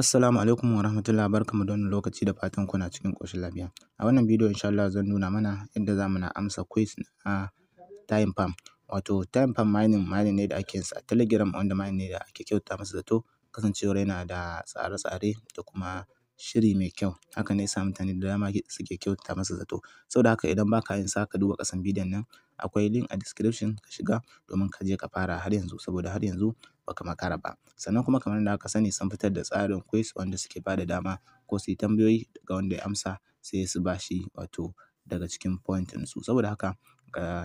Assalamu alaikum wa rahmatullah barkanmu da wannan lokaci da fatan kuna cikin koshin lafiya. A wannan bidiyo insha Allah zan nuna mana yadda za muna amsa quiz na time farm. Wato time farm mining mining ne da ake yinsa a telegram wanda mining ne da ake kyautata masa zato kasancewar yana da tsare-tsare da kuma shiri mai kyau. Haka ne ya sa mutane da dama suke kyautata masa zato. Saboda haka idan ba ka yin sa ka duba ƙasan bidiyon nan akwai link a description ka shiga domin ka je ka fara har yanzu saboda har yanzu baka ka makara ba. Sannan kuma kamar yadda aka sani sun fitar da tsarin quiz wanda suke ba da dama ko su tambayoyi ga wanda ya amsa sai su ba shi wato daga cikin point su. Saboda haka,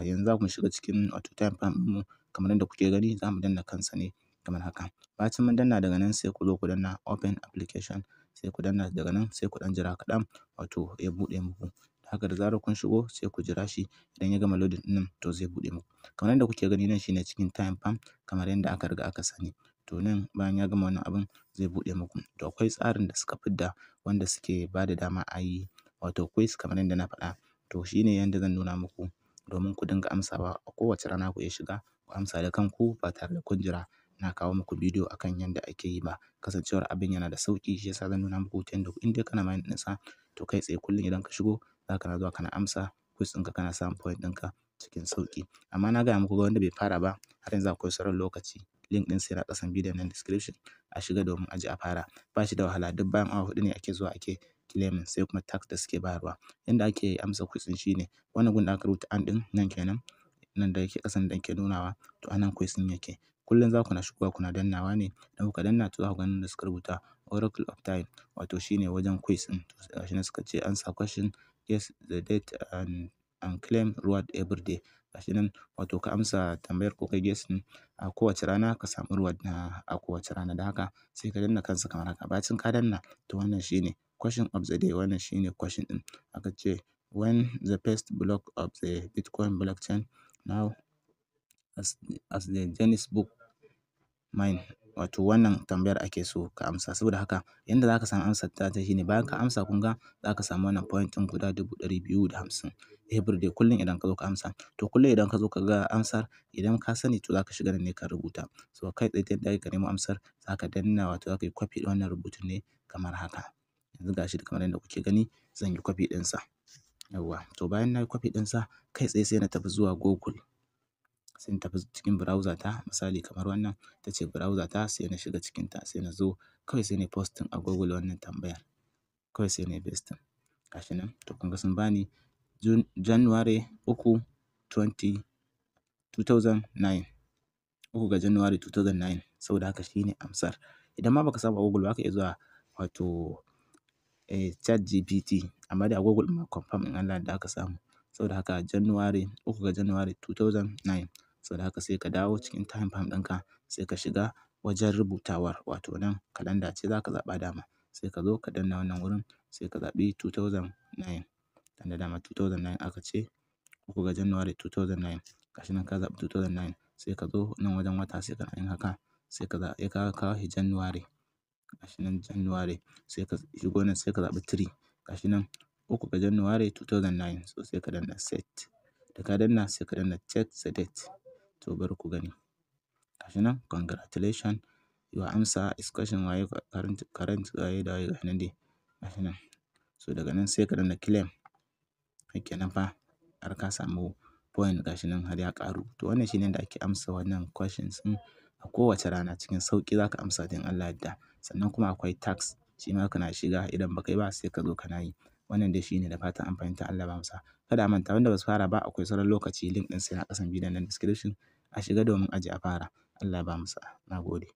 yanzu za mu shiga cikin wato time plan mu kamar yadda kuke gani za mu danna kansa ne kamar haka. Bacin mun danna daga nan sai ku zo ku danna open application. sai ku danna daga nan sai ku ɗan jira kaɗan wato ya buɗe muku. Haka da zarar kun shigo sai ku jira shi idan ya gama loading ɗin to zai buɗe muku. Kamar yadda kuke gani nan shine cikin time farm kamar yadda aka riga aka sani. To nan bayan ya gama wannan abun zai buɗe muku. To akwai tsarin da suka fidda wanda suke ba da dama a yi wato quiz kamar yadda na faɗa. To shine yadda zan nuna muku domin ku dinga amsawa a kowace rana ku iya shiga ku amsa da kanku ba tare da kun jira. na kawo muku bidiyo akan yanda ake yi ba kasancewar abin yana da sauƙi shi yasa zan nuna muku yadda in dai kana mind ɗinsa to kai tsaye kullum idan ka shigo za ka na zuwa kana amsa quiz ɗinka kana samun point ɗinka cikin sauƙi amma na gaya muku ga wanda bai fara ba har yanzu akwai sauran lokaci link ɗinsa yana ƙasan bidiyon nan description a shiga domin aji a fara ba shi da wahala duk bayan awa huɗu ne ake zuwa ake claiming sai kuma tax da suke bayarwa yanda ake amsa quiz ɗin ne wannan gun da aka rubuta an ɗin nan kenan nan da yake ƙasan da yake nunawa to anan quiz ɗin yake Kullum za ku na shigowa kuna dannawa ne. Idan kuka danna to za ku ga da suka rubuta Oracle of Time wato shine wajen quiz ɗin. To shi nan suka ce answer question, yes the date and, and claim reward every day. Gashi nan wato ka amsa tambayar ko ka guess ɗin a kowace rana ka samu reward na a kowace rana. Da haka sai ka danna kansa kamar haka. Bacin ka danna to wannan shine question of the day. Wannan shine question ɗin. Aka ce when the first block of the Bitcoin blockchain now as, as the Genesis book mine? Wato wannan tambayar ake so ka amsa. Saboda haka yanda za ka samu amsar ta ta shine bayan ka amsa kun ga za ka samu wannan point ɗin guda dubu ɗari biyu da hamsin eh, day kullum idan ka zo ka amsa. To kullum idan ka zo ka ga amsar idan ka sani to za ka shiga nan ne ka rubuta. So kai tsaye ta yadda ka nemo amsar za ka danna wato za ka yi copy ɗin wannan rubutun ne kamar haka. Yanzu gashi kamar yadda kuke gani zan yi copy ɗinsa. yawwa to bayan na yi copy ɗinsa kai tsaye sai na tafi zuwa Google. sai in tafi cikin browser ta misali kamar wannan ta ce browser ta sai na shiga cikinta sai na zo kawai sai na posting a Google wannan tambayar kawai sai na pasting gashi nan to kun ga sun bani January 3 20 2009 uku ga January 2009 saboda haka shine amsar idan ma baka saba Google ba ka iya zuwa wato eh, chat GPT amma dai a Google ma confirm in Allah da aka samu saboda haka January 3 ga January 2009 So da haka sai ka dawo cikin time farm ɗinka sai ka shiga wajen rubutawar wato nan kalanda ce za ka zaɓa dama. Sai ka zo ka danna wannan wurin sai ka zaɓi 2009. Tunda dama 2009 aka ce uku ga January 2009. Gashi nan ka zaɓi 2009 sai ka zo nan wajen wata sai ka na yin haka sai ka zaɓi ka kawo shi January. Gashi nan January sai ka shigo nan sai ka zaɓi three. Gashi nan uku ga January 2009 so sai ka danna set. Da ka danna sai ka danna check the date. to bari ku gani. Gashi nan congratulation your answer is question waye current waye da waye gashi nan dai gashi nan. So daga nan sai ka danna claim. Shikenan fa har ka samu point gashi nan har ya karu. To wannan shine yanda ake amsa wannan questions ɗin a kowace rana cikin sauƙi za ka amsa din Allah ya yadda. Sannan kuma akwai tax shi ma kana shiga idan ba yi ba sai ka zo kana yi. Wannan dai shi ne da fatan an fahimta Allah ba mu sa'a. Kada a manta wanda ba su fara ba akwai sauran lokaci link ɗin sai na ƙasan bidiyon nan description a shiga domin aji a fara. Allah ba mu sa'a. Na gode.